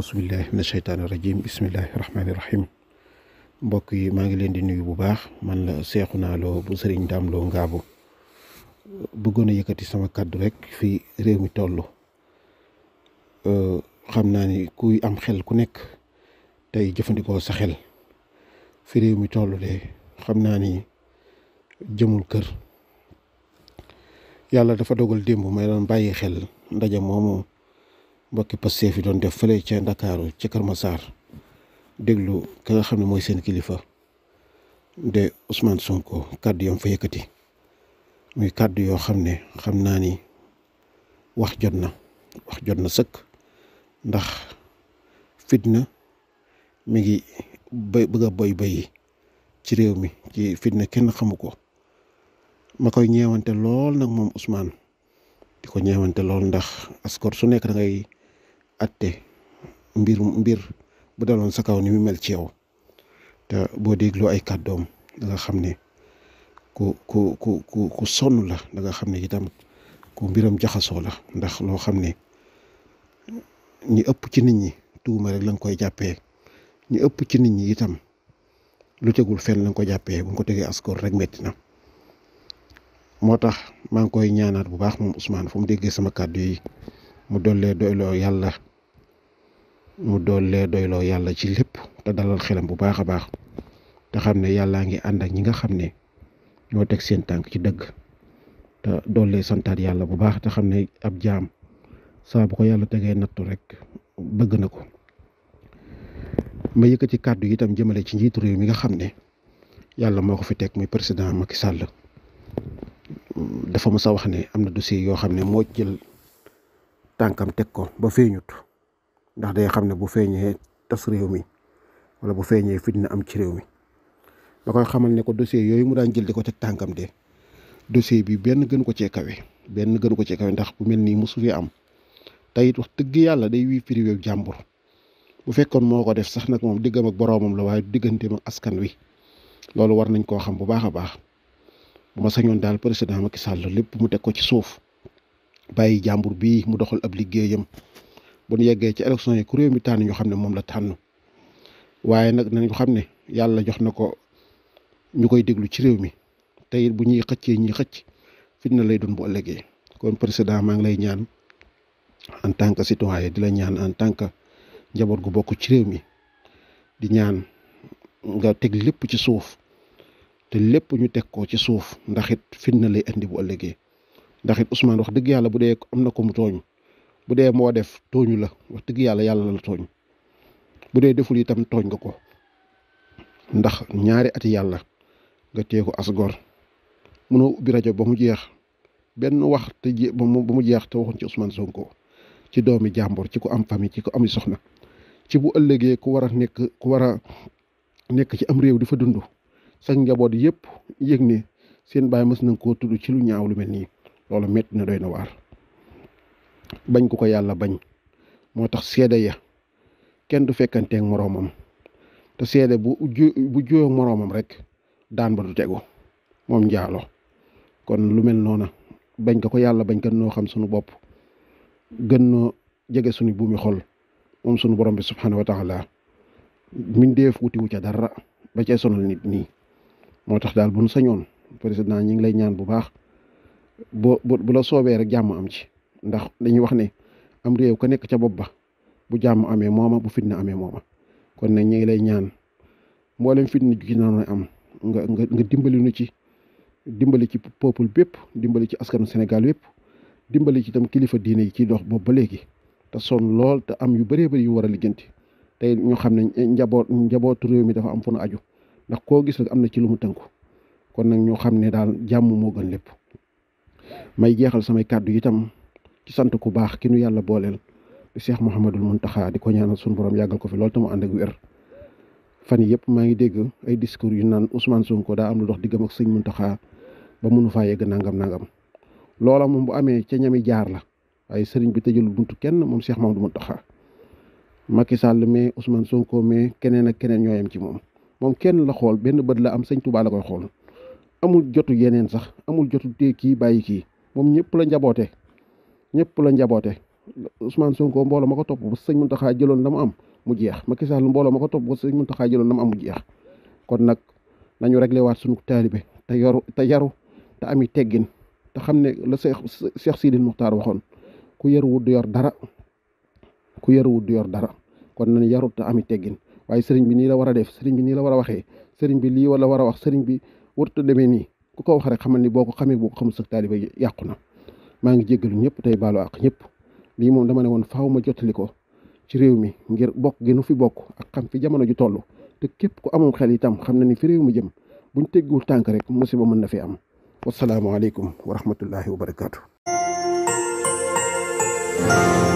auzu billahi mina sheytaani rajim bismillahi rahmaani rahim mbokk yi maa ngi leen di nuyu bu baax man la Seexuna Lo bu sëriñ Daam Lo Ngaabu bëggoon a yëkkati sama kàddu rek fii réew mi toll xam naa ni kuy am xel ku nekk tey jëfandikoo sa xel fi réew mi toll de xam naa ni jëmul kër yàlla dafa dogal démb may doon bàyyi xel ndaje moomu mbokki Pastef fi doon def fële ca ndakaaru ca Kër Massar déglu ka nga xam ne mooy seen kilifa de Ousmane Sonko kàddu yam fa yëkkati muy kàddu yoo xam ne xam naa ni wax jot na wax jot na sëkk ndax fitna mi ngi bay bëgg a boy ci réew mi ci fitna kenn xamu ko ma koy ñeewante lool nag moom Ousmane di ko ñeewante lool ndax askor su nekk da atte mbir mbir bu daloon sa kaw ni mu mel ci yow te boo dégloo ay kàddoom danga xam ne ku ku ku ku sonn la danga xam ne itam ku mbiram jaxasoo la ndax loo xam ne ñi ëpp ci nit ñi tuuma rek lañ koy jàppee ñu ëpp ci nit ñi itam lu tegul fenn lañ ko jàppee bu ñu ko tegee askor rek metti na moo tax maa ngi koy ñaanaat bu baax moom Ousmane fu mu déggee sama kàddu yi mu dollee doyloo yàlla mu doolee doyloo yàlla ci lépp te dalal xelam bu baax a baax te xam ne yàllaa ngi ànd ak ñi nga xam ne ñoo teg seen tànk ci dëgg te doolee santaat yàlla bu baax te xam ne ab jaam saa bu ko yàlla tegee nattu rek bëgg na ko ma yëkkati kàddu yi tam jëmale ci njiitu réew mi nga xam ne yàlla moo ko fi teg muy président Macky sàll dafa mës sa wax ne am na dossier yoo xam ne moo jël tànkam teg ko ba feeñut ndax day xam ne bu feeñee tas réew mi wala bu feeñee fitna am ci réew mi da koy xamal ne ko dossier yooyu mu daan jël di ko teg tànkam de dossier bi benn gënu ko cee kawe benn gënu ko cee kawe ndax bu mel nii mosu fi am te it wax dëgg yàlla day wii privé jàmbur bu fekkoon moo ko def sax nag moom diggam ak boroomam la waaye digganteem ak askan wi loolu war nañ koo xam bu baax a baax bu ma sañoon daal président Macky Sall lépp mu teg ko ci suuf bàyyi jàmbur bii mu doxal ab liggéeyam. bu ñu yeggee ci élection yi ku réew mi tànn ñu xam ne moom la tànn waaye nag na ko xam ne yàlla jox na ko ñu koy déglu ci réew mi te it bu ñuy xëccee ñuy xëcc fitna lay doon bu ëllëgee kon président maa ngi lay ñaan en tant que citoyen di la ñaan en tant que njaboot gu bokk ci réew mi di ñaan nga teg lépp ci suuf te lépp ñu teg ko ci suuf ndax it fitna lay indi bu ëllëgee ndax it Ousmane wax dëgg yàlla bu dee am na ko mu tooñ bu dee moo def tooñu la wax dëgg yàlla yàlla la tooñ bu dee deful itam tooñ nga ko ndax ñaari ati yàlla nga téye ko asgor mënoo ubbi rajo ba mu jeex benn wax te je ba mu jeex te waxoon ci Ousmane Sonko ci doomi jàmbur ci ku am famille ci ku am soxna ci bu ëllëgee ku war a nekk ku war a nekk ci am réew di fa dund sax njaboot yëpp yëg ne seen baay mës nañ koo tudd ci lu ñaaw lu mel nii loolu métti na doy na waar. bañ ko ko yàlla bañ moo tax seede ya kenn du fekkanteeg moroomam te seede bu ju bu juyoo moroomam rek daan ba du tegu moom njaalo kon lu mel noona bañ ko ko yàlla bañ gën noo xam suñu bopp gën noo jege suñu buumi xol moom sunu borom bi subxanahu wa taala mindeef wutiwu ca dara ba cay sonal nit nii moo tax daal bu nu sañoon président ñi ngi lay ñaan bu baax bu bu la soobee rek jàmm am ci. ndax dañuy wax ne am réew ka nekk ca bopp ba bu jàmm amee mooma bu fitna amee mooma kon nag ñu ngi lay ñaan mboolem fitna ju ci am nga nga nga dimbali nu ci dimbali ci peuple bépp dimbali ci askanu Sénégal yépp dimbali ci tam kilifa diine yi dox boobu ba léegi te son lool te am yu bëree bëri yu war a lijjanti tey ñu xam ne njaboot njabootu réew mi dafa am fu nu aju ndax koo gis rek am na ci lu mu tënku kon nag ñu xam ne daal jàmm moo gën lépp may jeexal samay kàddu itam ci sant ku baax ki nu yàlla booleel di Cheikh Mouhamadul taxaa di ko ñaanal suñu borom yàggal ko fi loolu tam mu ànd ak wér fan yëpp maa ngi dégg ay discours yu naan Ousmane Sonko daa am lu dox diggam ak sëñ Mountakha ba mënu faa yegg nangam nangam loola moom bu amee ca ñami jaar la waaye sëriñ bi tëjul bunt kenn moom seex Cheikh Mouhamadul Mountakha Macky Sall mais Ousmane Sonko mais keneen ak keneen ñoo yem ci moom moom kenn la xool benn bët la am sëñ Touba la koy xool amul jotu yeneen sax amul jotu kii bàyyi kii moom ñëpp la njaboote ñépp la njaboote Ousmane Sonko mbooloo ma ko topp ba sëñ Mountakha jëloon la mu am mu jeex Macky Sall mbooloo ma ko topp ba sëñ Mountakha jëloon la mu am mu jeex kon nag nañu réglé waat suñu taalibe te yoru te yaru te ami teggin te xam ne la Cheikh Cheikh Sidil Muxtaar waxoon ku yaruwut du yor dara ku yaruwut du yor dara kon nañ yaru te ami teggin waaye sëriñ bi nii la war a def sëriñ bi nii la war a waxee sëriñ bi lii wala war a wax sëriñ bi warut a demee nii ku ko wax rek xamal ni boo ko xamee boo ko xamul sa taalibe yàqu na maa ngi jéggalu ñëpp tey baalu àq ñëpp lii moom dama ne woon faaw ma jottali ko ci réew mi ngir bokk gi nu fi bokk ak xam fi jamono ju toll te képp ku amul xel itam xam na ni fi réew mi jëm bu buñ tegguwul tànk rek musiba mën na fi am wasalaamaaleykum wa rahmatullahi wa barakaatu.